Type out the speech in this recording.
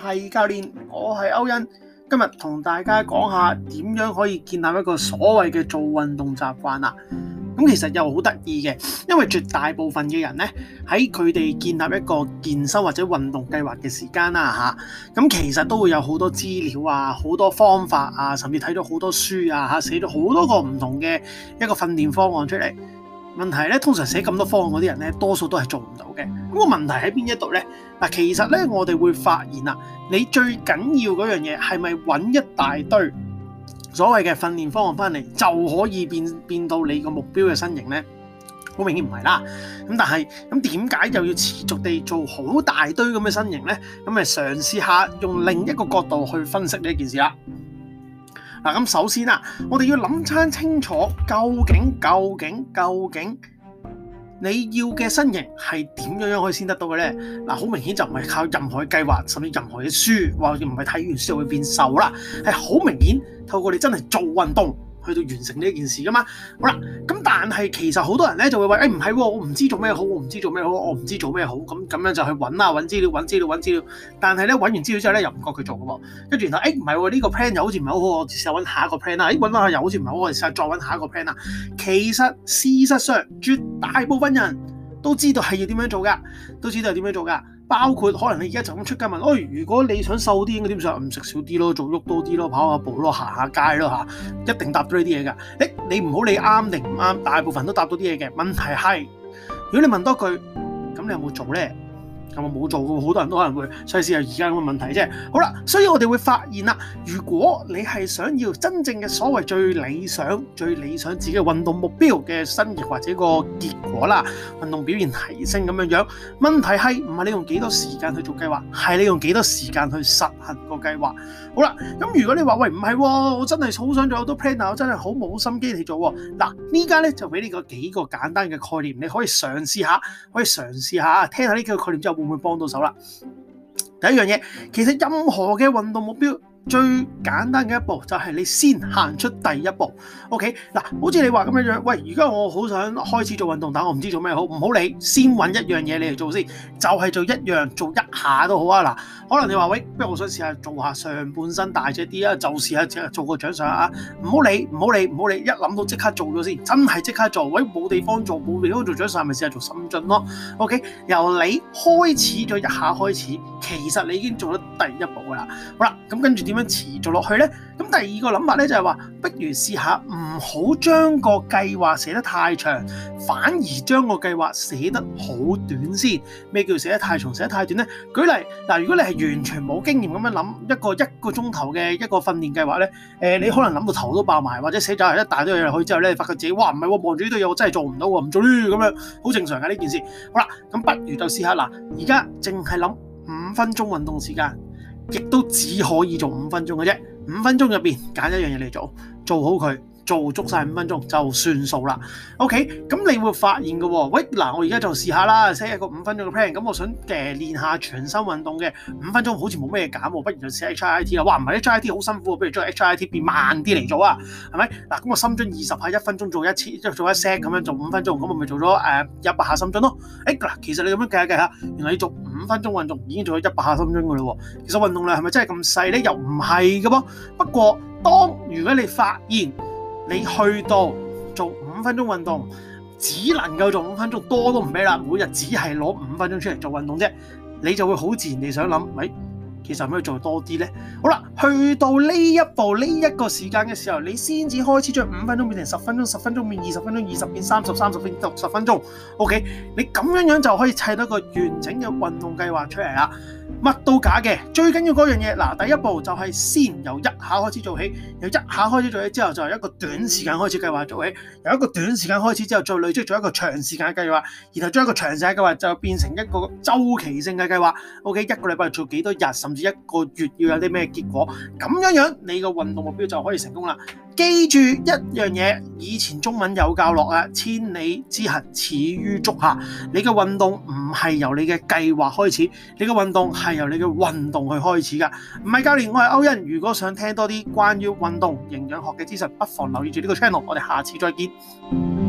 係教練，我係歐恩，今日同大家講下點樣可以建立一個所謂嘅做運動習慣啦。咁其實又好得意嘅，因為絕大部分嘅人呢，喺佢哋建立一個健身或者運動計劃嘅時間啦吓，咁其實都會有好多資料啊，好多方法啊，甚至睇到好多書啊吓，寫咗好多個唔同嘅一個訓練方案出嚟。問題咧，通常寫咁多方案嗰啲人咧，多數都係做唔到嘅。咁個問題喺邊一度咧？嗱，其實咧，我哋會發現啊，你最緊要嗰樣嘢係咪揾一大堆所謂嘅訓練方案翻嚟就可以變變到你個目標嘅身形咧？好明顯唔係啦。咁但係咁點解又要持續地做好大堆咁嘅身形咧？咁咪嘗試下用另一個角度去分析呢件事啦。嗱，首先啦，我哋要諗清楚究，究竟究竟究竟你要嘅身形係點樣樣去先得到嘅呢？嗱，好明顯就唔係靠任何嘅計劃，甚至任何嘅書，或者唔係睇完書就會變瘦啦，係好明顯透過你真係做運動。去到完成呢件事噶嘛，好啦，咁但係其實好多人咧就會話，誒唔係，我唔知做咩好，我唔知做咩好，我唔知做咩好，咁咁樣就去揾啦，揾資料，揾資料，揾資料，但係咧揾完資料之後咧又唔覺佢做噶，跟住然後，誒唔係喎，呢、哦這個 plan 又好似唔係好好，我試下揾下一個 plan 啦、啊，誒揾翻去又好似唔係好，我試下再揾下一個 plan 啦、啊。其實事實上絕大部分人都知道係要點樣做噶，都知道係點樣做噶。包括可能你而家就咁出街問，哦、哎，如果你想瘦啲，應該點算？唔食少啲咯，做喐多啲咯，跑下步咯，行下街咯嚇，一定答到呢啲嘢噶。誒、欸，你唔好理啱定唔啱，大部分都答到啲嘢嘅。問題係，如果你問多句，咁你有冇做咧？咁我冇做過，好多人都可能會，所以試下而家咁嘅問題啫。好啦，所以我哋會發現啦，如果你係想要真正嘅所謂最理想、最理想自己嘅運動目標嘅身形或者個結果啦，運動表現提升咁樣樣，問題係唔係你用幾多時間去做計劃，係你用幾多時間去實行個計劃。好啦，咁如果你話喂唔係、哦，我真係好想做好多 plan，我真係好冇心機去做、哦。嗱，呢家咧就俾你個幾個簡單嘅概念，你可以嘗試下，可以嘗試下聽下呢幾個概念之後。會唔會幫到手喇？第一樣嘢，其實任何嘅運動目標。最簡單嘅一步就係、是、你先行出第一步，OK 嗱，好似你話咁樣樣，喂，而家我好想開始做運動，但我唔知做咩好，唔好理，先揾一樣嘢你嚟做先，就係、是、做一樣做一下都好啊，嗱，可能你話喂，不如我想試下做下上半身大隻啲啊，就試下做個掌上啊，唔好理，唔好理，唔好理，一諗到即刻做咗先，真係即刻做，喂，冇地方做，冇地、地方做掌上，咪試下做深蹲咯，OK，由你開始咗一下開始，其實你已經做咗第一步噶啦，好啦，咁跟住。點樣持續落去呢？咁第二個諗法呢，就係話，不如試下唔好將個計劃寫得太長，反而將個計劃寫得好短先。咩叫寫得太長、寫得太短呢？舉例嗱，如果你係完全冇經驗咁樣諗一個一個鐘頭嘅一個訓練計劃呢，誒、呃，你可能諗到頭都爆埋，或者寫咗一大堆嘢落去之後呢，你發覺自己哇，唔係，望住呢堆嘢我真係做唔到，唔做啦咁樣，好正常㗎呢件事。好啦，咁不如就試下嗱，而家淨係諗五分鐘運動時間。亦都只可以做五分鐘嘅啫，五分鐘入邊揀一樣嘢嚟做，做好佢。做足晒五分鐘就算數啦。OK，咁你會發現嘅喎、哦，喂嗱，我而家就試下啦，set 一個五分鐘嘅 plan。咁我想誒練下全身運動嘅五分鐘，好似冇咩減喎，不如就 set H I I T 啦。哇，唔係啲 H I I T 好辛苦，不如將 H I I T 變慢啲嚟做啊，係咪嗱？咁我深蹲二十下一分鐘做一次，即係做一 set 咁樣做五分鐘，咁我咪做咗誒一百下深蹲咯。哎、欸、嗱，其實你咁樣計下計下，原來你做五分鐘運動已經做咗一百下深蹲嘅啦。其實運動量係咪真係咁細咧？又唔係嘅噃。不過當如果你發現，你去到做五分鐘運動，只能夠做五分鐘，多都唔咩啦。每日只係攞五分鐘出嚟做運動啫，你就會好自然地想諗，喂、哎，其實可唔可以做多啲呢？」好啦，去到呢一步呢一個時間嘅時候，你先至開始將五分鐘變成十分鐘，十分鐘變二十分鐘，二十變三十，三十變六十分鐘。OK，你咁樣樣就可以砌到個完整嘅運動計劃出嚟啦。乜都假嘅，最緊要嗰樣嘢。嗱，第一步就係先由一下開始做起，由一下開始做起之後就由一個短時間開始計劃做起，由一個短時間開始之後再累積做一個長時間嘅計劃，然後將一個長時間嘅計劃就變成一個周期性嘅計劃。O.K. 一個禮拜做幾多日，甚至一個月要有啲咩結果，咁樣樣，你個運動目標就可以成功啦。記住一樣嘢，以前中文有教落啊，千里之行始於足下。你嘅運動唔係由你嘅計劃開始，你嘅運動。係。係由你嘅運動去開始㗎，唔係教練，我係歐恩。如果想聽多啲關於運動、營養學嘅資訊，不妨留意住呢個 channel。我哋下次再見。